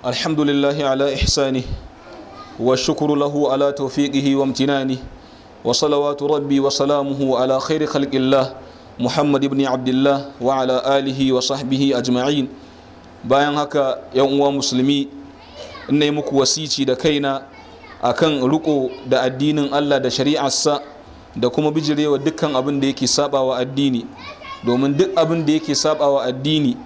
الحمد لله على إحسانه والشكر له على توفيقه وامتنانه وصلوات ربي وسلامه على خير خلق الله محمد بن عبد الله وعلى آله وصحبه أجمعين bayan haka yan uwa musulmi ina yi muku wasici da kaina akan riko da addinin Allah da shari'arsa da kuma bijirewa dukkan abin da yake wa addini domin duk abin da yake wa addini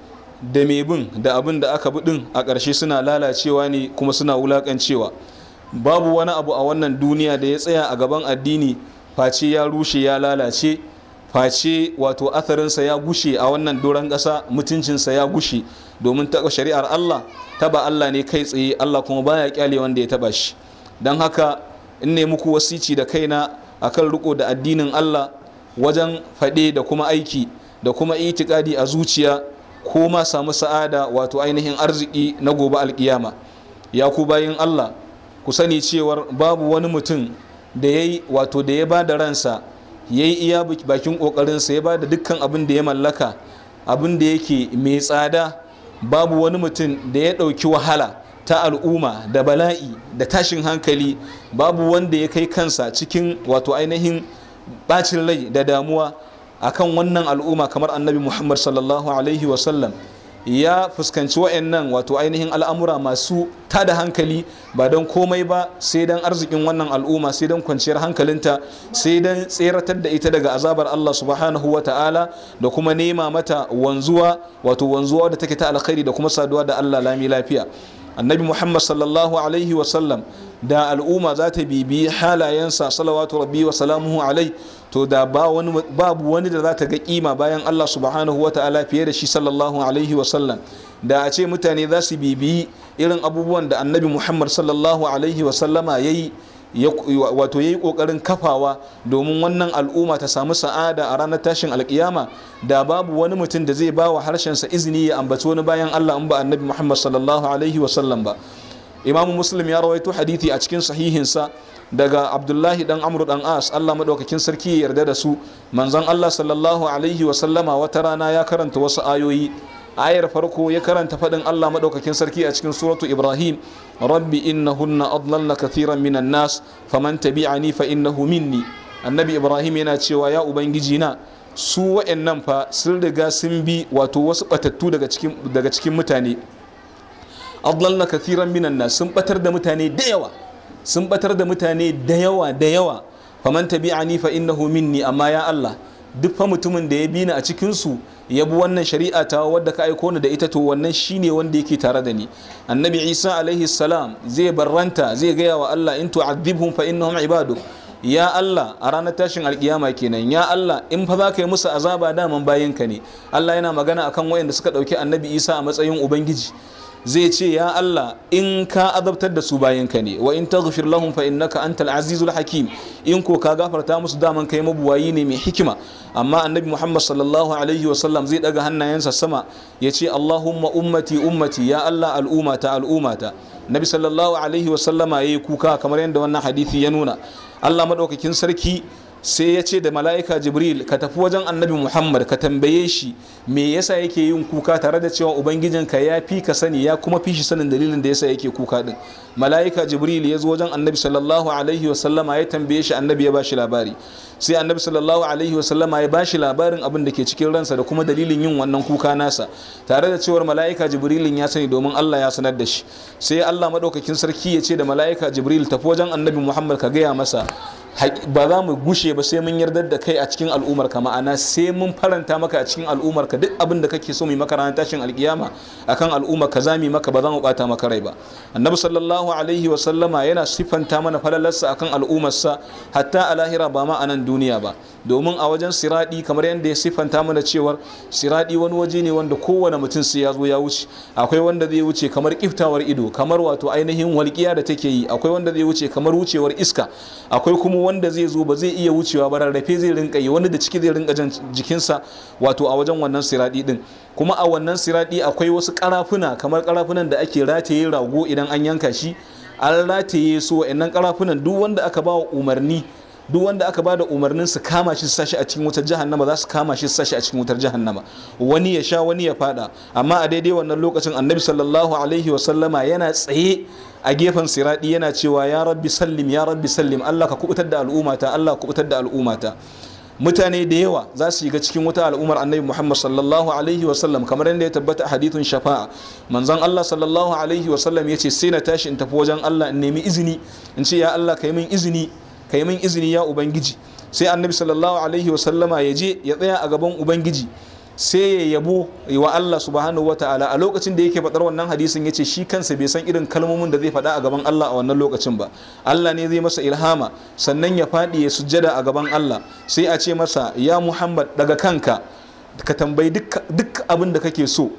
da mai bin da abin da aka bi din a ƙarshe suna lalacewa ne kuma suna wulaƙancewa babu wani abu a wannan duniya da ya tsaya a gaban addini face ya rushe ya lalace face wato atharinsa ya gushe a wannan doron ƙasa mutuncinsa ya gushe domin taɓa shari'ar Allah taba Allah ne kai tsaye Allah kuma baya kyale wanda ya taɓa shi don haka in ne muku wasici da kaina a kan riko da addinin Allah wajen faɗe da kuma aiki da kuma itikadi a zuciya ko ma samu sa'ada wato ainihin arziki na gobe alkiyama ya ku bayin Allah ku sani cewar babu wani mutum da ya yi wato da ya ba da ransa ya yi iya bakin ƙoƙarinsa ya ba da dukkan abin da ya mallaka abin da yake mai tsada babu wani mutum da ya ɗauki wahala ta al'umma da bala'i da tashin hankali babu wanda ya kai kansa cikin wato ainihin bacin rai da damuwa akan wannan al'umma kamar annabi muhammad sallallahu alaihi wasallam ya fuskanci wa'annan wato ainihin al'amura masu tada hankali ba don komai ba sai don arzikin wannan al'umma sai don kwanciyar hankalinta sai don tseratar da ita daga azabar Allah subhanahu wa ta'ala da kuma nema mata wanzuwa wato wanzuwa da take ta alkhairi da kuma saduwa da Allah lami lafiya annabi muhammad sallallahu alaihi wasallam da al'umma za ta bibi halayensa salawatu rabbi wa salamuhu alai to da babu wani da za ta ga kima bayan allah subhanahu wa ta'ala fiye da shi sallallahu alaihi wasallam da a ce mutane za su bibi irin abubuwan da annabi muhammad sallallahu alaihi wasallama ya yi wato ya yi kokarin kafawa domin wannan al'umma ta samu sa'ada a ranar tashin alkiyama da babu wani mutum da zai ba wa harshensa izini ya ambaci wani bayan Allah in ba annabi Muhammad sallallahu alaihi wa sallam ba imamu muslim ya rawaito hadithi a cikin sahihinsa daga abdullahi dan amru dan as allah maɗaukakin sarki ya yarda da su manzon allah sallallahu alaihi wasallama wata rana ya karanta wasu ayoyi ayar farko ya karanta faɗin Allah maɗaukakin sarki a cikin suratu Ibrahim rabbi innahunna adlalla kathiran minan nas faman tabi'ani fa innahu minni annabi Ibrahim yana cewa ya ubangiji na su wa'annan fa sun riga sun bi wato wasu batattu daga cikin daga cikin mutane adlalla kathiran minan nas sun batar da mutane da yawa sun batar da mutane da yawa da yawa faman tabi'ani fa innahu minni amma ya Allah duk fa mutumin da ya bi ni a cikinsu ya bi wannan shari'a ta wadda ka aiko ni da ita to wannan shine wanda yake tare da ni annabi isa alaihi salam zai barranta zai gaya wa allah in tu'adhibhum fa innahum ibaduk ya allah a ranar tashin alkiyama kenan ya allah in fa za ka yi musu azaba daman bayinka ne allah yana magana akan wayanda suka dauki annabi isa a matsayin ubangiji zai ce ya Allah in ka azabtar da su bayanka ne wa in taghfir lahum fa innaka antal azizul hakim in ko ka gafarta musu daman kai mabuwayi ne mai hikima amma annabi Muhammad sallallahu alaihi wa zai daga hannayensa sama ya ce Allahumma ummati ummati ya Allah al'ummata al'ummata nabi sallallahu alaihi wa sallama yayi kuka kamar yadda wannan hadisi ya nuna Allah madaukakin sarki sai ya ce da mala'ika jibril ka tafi wajen annabi muhammad ka tambaye shi me yasa yake yin kuka tare da cewa ubangijinka ya fi ka sani ya kuma fi shi sanin dalilin da yasa yake kuka din mala'ika jibril ya zo wajen annabi sallallahu alaihi wa sallama ya tambaye shi annabi ya bashi labari sai annabi sallallahu alaihi wa sallama ya bashi labarin abin da ke cikin ransa da kuma dalilin yin wannan kuka nasa tare da cewar mala'ika jibrilin ya sani domin Allah ya sanar da shi sai Allah madaukakin sarki ya ce da mala'ika jibril tafi wajen annabi muhammad ka gaya masa ba za mu gushe ba sai mun yarda da kai a cikin al'umar ka ma'ana sai mun faranta maka a cikin al'ummarka ka duk abin da kake so mu maka ranar tashin alkiyama akan al'ummar ka zami maka ba za mu bata maka rai ba annabi sallallahu alaihi wa sallama yana sifanta mana falalarsa akan al'umar sa hatta a lahira ba ma a duniya ba domin a wajen siradi kamar yadda ya siffanta mana cewar siradi wani waje ne wanda kowane mutum sai ya zo ya wuce akwai wanda zai wuce kamar kiftawar ido kamar wato ainihin walƙiya da take yi akwai wanda zai wuce kamar wucewar iska akwai kuma wanda zai zo ba zai iya wucewa ba rarrafe zai rinka yi wani da ciki zai rinka jan jikinsa wato a wajen wannan siradi din kuma a wannan siradi akwai wasu karafuna kamar karafunan da ake rataye rago idan an yanka shi an rataye su wa'annan karafunan duk wanda aka ba wa umarni duk wanda aka bada umarnin su kama shi su sashi a cikin wutar jahannama za su kama shi su sashi a cikin wutar jahannama wani ya sha wani ya fada amma a daidai wannan lokacin annabi sallallahu alaihi wa sallama yana tsaye a gefen siradi yana cewa ya rabbi sallim ya rabbi sallim Allah ka kubutar da al'ummata Allah kubutar da al'ummata mutane da yawa za su ga cikin wata al'ummar annabi muhammad sallallahu alaihi wa sallam, kamar yadda ya tabbata a hadithun shafa'a manzon allah sallallahu alaihi wa ya ce sai na tashi in tafi wajen allah in nemi izini in ce ya allah ka yi min izini ka yi min izini ya ubangiji sai annabi sallallahu alaihi wasallama ya je ya tsaya a gaban ubangiji sai ya yabo wa Allah subhanahu wata'ala a lokacin da yake faɗar wannan hadisin ya ce shi kansa bai san irin kalmomin da zai faɗa a gaban Allah a wannan lokacin ba Allah ne zai masa ilhama sannan ya faɗi ya sujjada a gaban Allah sai a ce masa ya Muhammad daga kanka ka tambayi duk abin da kake so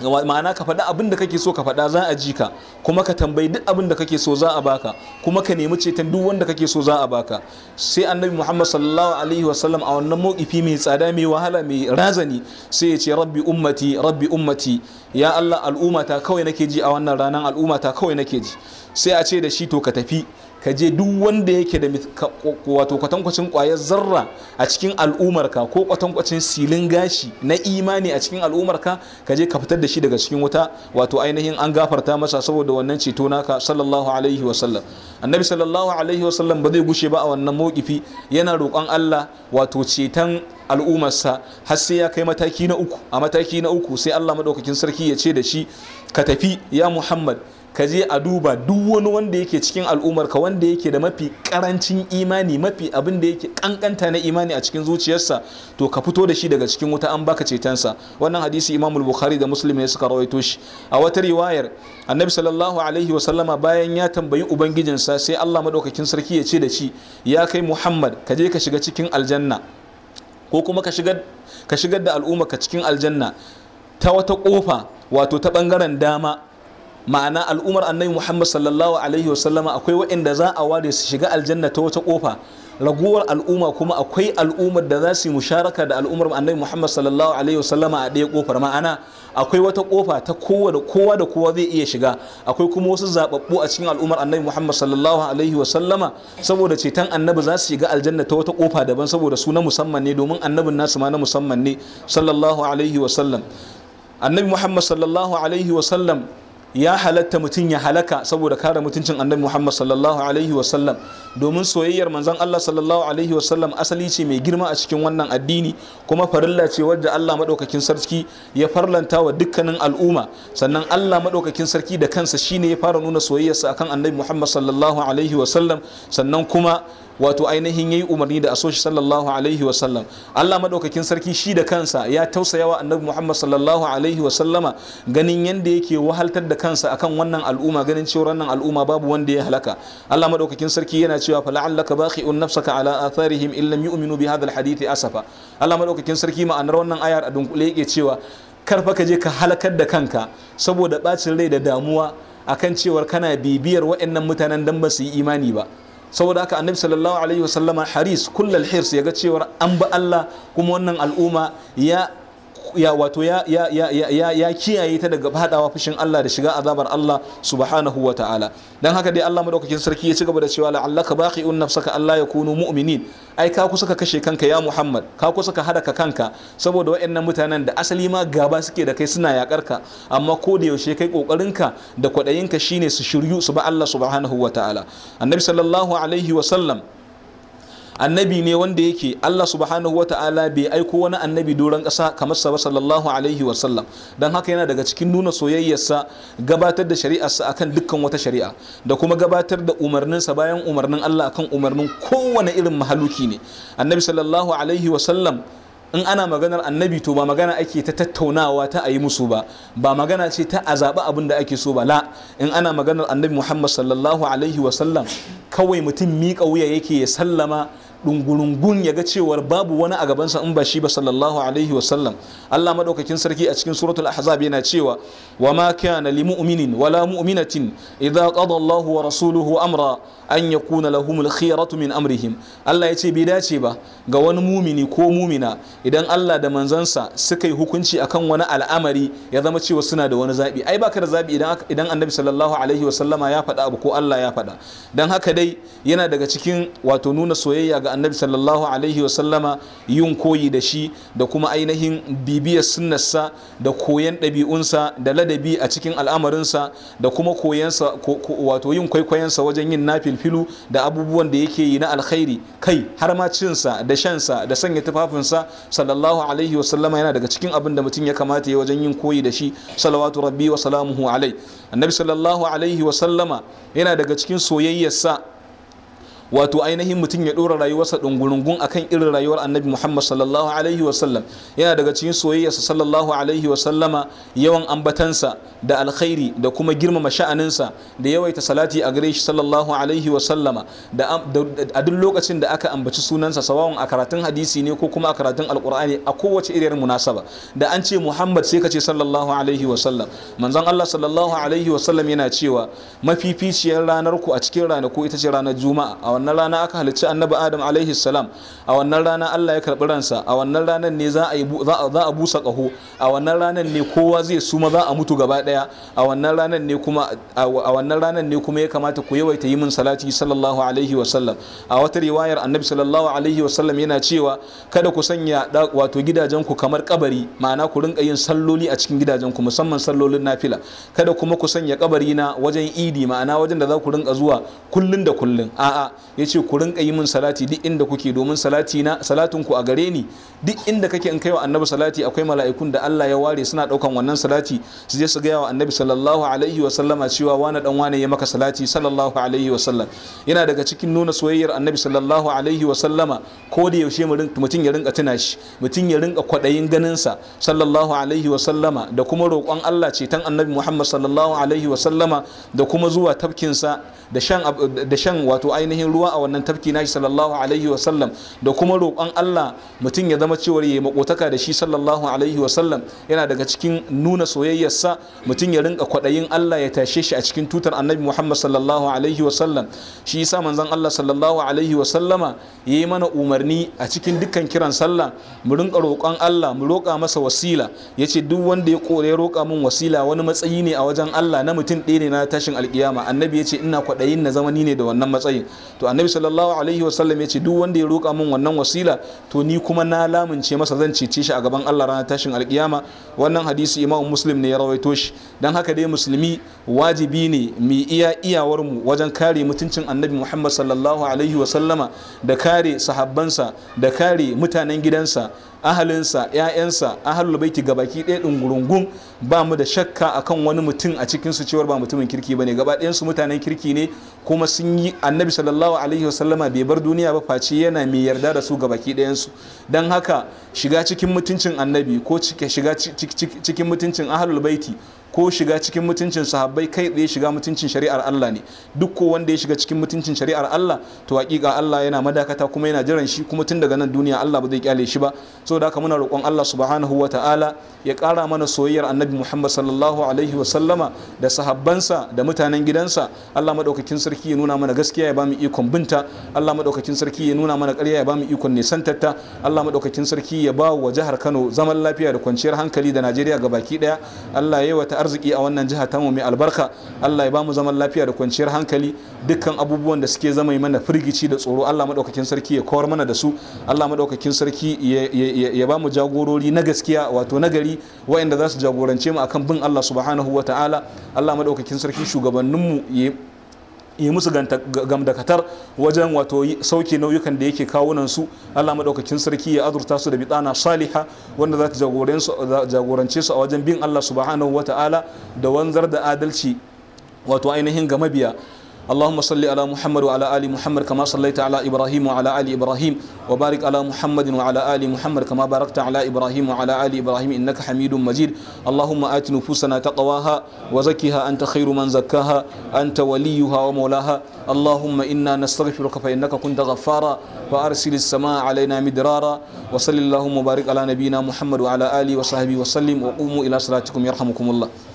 ma'ana ka faɗi abin da kake so ka faɗa za a ji ka kuma ka tambayi duk abin da kake so za a baka kuma ka nemi ceton duk wanda kake so za a baka sai annabi muhammad sallallahu alaihi wasallam a wannan mawkifi mai tsada mai wahala mai razani sai ya ce rabbi ummati rabbi ummati ya allah al'umma ta kawai nake ji a wannan ranar ta kawai nake ji sai a ce da shi to ka tafi ka je duk wanda yake da wato kwatankwacin kwayar zarra a cikin al'umarka ko kwatankwacin silin gashi na imani a cikin al'umarka ka je ka fitar da shi daga cikin wuta wato ainihin an gafarta masa saboda wannan ceto naka sallallahu alaihi wa sallam annabi sallallahu alaihi wa sallam ba zai gushe ba a wannan mokifi yana roƙon Allah wato ceton al'umarsa har sai ya kai mataki na uku a mataki na uku sai Allah madaukakin sarki ya ce da shi ka tafi ya Muhammad ka je a duba duk wani wanda yake cikin al'ummar ka wanda yake da mafi karancin imani mafi abin da yake kankanta na imani a cikin zuciyarsa to ka fito da shi daga cikin wuta an baka cetonsa wannan hadisi Imam Bukhari da Muslim ne suka rawaito shi a wata riwayar Annabi sallallahu alaihi wasallama bayan ya tambayi ubangijinsa sai Allah madaukakin sarki ya ce da shi ya kai Muhammad ka je ka shiga cikin aljanna ko kuma ka shigar ka shigar da al'umma ka cikin aljanna ta wata kofa wato ta bangaren dama ma'ana al'umar annabi muhammad sallallahu alaihi wasallama akwai waɗanda za a ware su shiga aljanna ta wata kofa raguwar al'umma kuma akwai al'ummar da za su musharaka da al'ummar annabi muhammad sallallahu alaihi wasallama a ɗaya kofar ma'ana akwai wata kofa ta kowa da kowa da kowa zai iya shiga akwai kuma wasu zababbu a cikin al'ummar annabi muhammad sallallahu alaihi wasallama saboda tan annabi za su shiga aljanna ta wata kofa daban saboda su na musamman ne domin annabin nasu ma na musamman ne sallallahu alaihi wasallam annabi muhammad sallallahu alaihi wasallam ya halatta mutum ya halaka saboda kare mutuncin annabi Muhammad sallallahu alaihi wasallam domin soyayyar manzon Allah sallallahu alaihi wasallam asali ce mai girma a cikin wannan addini kuma farilla ce wadda Allah madaukakin sarki ya farlanta wa dukkanin al'umma sannan Allah madaukakin sarki da kansa shine ya fara nuna soyayyarsa akan annabi Muhammad sallallahu alaihi wasallam sannan kuma wato ainihin yayi umarni da asoshi sallallahu alaihi wa sallam Allah madaukakin sarki shi da kansa ya tausaya wa annabi Muhammad sallallahu alaihi wa sallama ganin yanda yake wahaltar da kansa akan wannan al'umma ganin cewa wannan al'umma babu wanda ya halaka Allah madaukakin sarki yana cewa fa la'allaka baqi'un nafsaka ala atharihim illam yu'minu bi hadha al-hadith asafa Allah madaukakin sarki ma'anar wannan ayar a dunkule yake cewa karfa ka je ka halakar da kanka saboda bacin rai da damuwa akan cewar kana bibiyar waɗannan mutanen dan ba su yi imani ba saboda haka annabi sallallahu alaihi wasallama haris kullal hirs yaga cewa an bi Allah kuma wannan al'umma ya ya wato ya ya ya ya kiyaye ta daga fadawa fushin Allah da shiga azabar Allah subhanahu wa ta'ala dan haka dai Allah madaukakin sarki ya ci gaba da cewa la'allaka baqi'un nafsaka Allah ya yakunu mu'minin ai ka kusa ka kashe kanka ya Muhammad ka kusa ka hadaka kanka saboda waɗannan mutanen da asali ma gaba suke da kai suna yakar ka amma ko da yaushe kai ka da ka shine su shiryu su ba Allah subhanahu wa ta'ala annabi sallallahu alaihi wa sallam annabi ne wanda yake Allah subhanahu wa ta'ala bai aiko wani annabi doron ƙasa kamar sa sallallahu alaihi wa sallam don haka yana daga cikin nuna soyayyarsa gabatar da shari'arsa akan dukkan wata shari'a da kuma gabatar da umarninsa bayan umarnin Allah akan umarnin kowane irin mahaluki ne annabi sallallahu alaihi wa sallam in ana maganar annabi to ba magana ake ta tattaunawa ta a yi musu ba ba magana ce ta a zaɓi abin da ake so ba la in ana maganar annabi muhammad sallallahu alaihi wa sallam kawai mutum miƙa wuya yake ya sallama dungurungun ya ga cewar babu wani a gabansa in ba shi ba sallallahu alaihi wasallam Allah madaukakin sarki a cikin suratul ahzab yana cewa wa ma kana lil mu'minin wala mu'minatin idza qada Allahu wa rasuluhu amra an yakuna lahumul khiyaratu min amrihim Allah ya ce bai dace ba ga wani mumini ko mumina idan Allah da manzansa suka yi hukunci akan wani al'amari ya zama cewa suna da wani zabi ai baka da zabi idan idan Annabi sallallahu alaihi wasallama ya faɗa abu ko Allah ya faɗa dan haka dai yana daga cikin wato nuna soyayya ga Anabi annabi sallallahu alaihi wasallama yin koyi da shi da kuma ainihin bibiyar sunnarsa da koyan ɗabi'unsa da ladabi a cikin al'amarinsa da kuma koyansa wato yin kwaikwayonsa wajen yin nafilfilu da abubuwan da yake yi na alkhairi kai har ma cinsa da shansa da sanya tufafinsa sallallahu alaihi wasallama yana daga cikin abin da mutum ya kamata ya wajen yin koyi da shi salawatu rabbi wa salamuhu alai annabi sallallahu alaihi wasallama yana daga cikin soyayyarsa wato ainihin mutum ya dora rayuwarsa dungurungun kan irin rayuwar annabi muhammad sallallahu alaihi wasallam yana daga cikin soyayyarsa sallallahu alaihi wasallama yawan ambatansa da alkhairi da kuma girmama sha'aninsa da yawaita salati a gare shi sallallahu alaihi wasallama a duk lokacin da aka ambaci sunansa sawawan a karatun hadisi ne ko kuma a karatun alkur'ani a kowace iriyar munasaba da an ce muhammad sai ka ce sallallahu alaihi wasallam manzon allah sallallahu alaihi wasallam yana cewa mafificiyar ranar ku a cikin ranaku ita ce ranar juma'a wannan rana aka halicci annabi adam alaihi salam a wannan rana Allah ya karɓi ransa a wannan ranar ne za a busa kaho a wannan ranar ne kowa zai suma za a mutu gaba daya a wannan ranar ne kuma ya kamata ku yawaita yi min salati sallallahu alaihi wa a wata riwayar annabi sallallahu alaihi wa yana cewa kada ku sanya wato gidajen ku kamar kabari ma'ana ku rinka yin salloli a cikin gidajen ku musamman sallolin nafila kada kuma ku sanya kabari na wajen idi ma'ana wajen da za ku rinka zuwa kullum da kullum. a'a ya ce ku rinka yi min salati duk inda kuke domin salati na salatin ku a gare ni duk inda kake in kaiwa annabi salati akwai mala'ikun da Allah ya ware suna daukan wannan salati su je su ga wa annabi sallallahu alaihi wa sallama cewa wani dan wane ya maka salati sallallahu alaihi wa sallam yana daga cikin nuna soyayyar annabi sallallahu alaihi wa sallama ko da yaushe mutum ya rinka tuna shi mutum ya rinka kwadayin ganin sa sallallahu alaihi wa sallama da kuma roƙon Allah ce tan annabi Muhammad sallallahu alaihi wa sallama da kuma zuwa sa da shan da shan wato ainihin ruwa a wannan tafki nashi sallallahu alaihi wa sallam da kuma roƙon Allah mutum ya zama cewar yi makotaka da shi sallallahu alaihi wa sallam yana daga cikin nuna soyayyarsa mutum ya rinka kwaɗayin Allah ya tashe shi a cikin tutar Annabi Muhammad sallallahu alaihi wa sallam shi yasa manzon Allah sallallahu alaihi wa sallama yayi mana umarni a cikin dukkan kiran sallah mu rinka roƙon Allah mu roƙa masa wasila yace duk wanda ya kore roƙa min wasila wani matsayi ne a wajen Allah na mutum ɗaya ne na tashin alƙiyama annabi ya ce ina kwaɗayin na zama ni ne da wannan matsayin to annabi sallallahu alaihi wasallam ya ce duk wanda ya roƙa min wannan wasila to ni kuma na lamince masa zan cece shi a gaban Allah ranar tashin alkiyama wannan hadisi imamu muslim ne ya rawaito shi dan haka dai musulmi wajibi ne mu iya iyawar mu wajen kare mutuncin annabi Muhammad sallallahu alaihi wasallama da kare sahabbansa da kare mutanen gidansa ahalinsa ‘ya'yansa ahalul baiti gabaki ɗaya ɗungurungun ba mu da shakka akan wani mutum a cikinsu cewar ba mutumin kirki ba ne gaba ɗayansu mutanen kirki ne kuma sun yi annabi sallallahu alaihi wasallama bai bar duniya ba face yana mai yarda da su gabaki ɗayansu don haka shiga cikin mutuncin annabi ko shiga cikin mutuncin ahalul baiti ko shiga cikin mutuncin sahabbai kai tsaye shiga mutuncin shari'ar Allah ne duk ko wanda ya shiga cikin mutuncin shari'ar Allah to hakika Allah yana madakata kuma yana jiran shi kuma tun daga nan duniya Allah ba zai kyale shi ba saboda haka muna roƙon Allah subhanahu wa ta'ala ya ƙara mana soyayyar Annabi Muhammad sallallahu alaihi wa sallama da sahabbansa da mutanen gidansa Allah madaukakin sarki ya nuna mana gaskiya ya ba mu ikon binta Allah madaukakin sarki ya nuna mana ƙarya ya ba mu ikon nisantarta Allah madaukakin sarki ya ba wa jihar Kano zaman lafiya da kwanciyar hankali da Najeriya gabaki daya Allah ya yi wa arziki a wannan jiha ta mu mai albarka Allah ya ba mu zaman lafiya da kwanciyar hankali dukkan abubuwan da suke zama mana firgici da tsoro Allah maɗaukakin sarki ya kawar mana da su Allah maɗaukakin sarki ya ba mu jagorori na gaskiya wato nagari gari za su jagorance mu akan bin Allah subhanahu wa ta'ala Allah maɗaukakin sarki shugabanninmu ya yi musu gamdakatar wajen wato sauke nauyukan da yake kawunan su Allah madaukakin sarki ya azurta su da bitana saliha wanda za ta jagorance su a wajen bin Allah subhanahu wata'ala da wanzar da adalci wato ainihin ga mabiya اللهم صل على محمد وعلى ال محمد كما صليت على ابراهيم وعلى ال ابراهيم وبارك على محمد وعلى ال محمد كما باركت على ابراهيم وعلى ال ابراهيم انك حميد مجيد اللهم ات نفوسنا تقواها وزكها انت خير من زكاها انت وليها ومولاها اللهم انا نستغفرك فانك كنت غفارا فارسل السماء علينا مدرارا وصل اللهم وبارك على نبينا محمد وعلى اله وصحبه وسلم وقوموا الى صلاتكم يرحمكم الله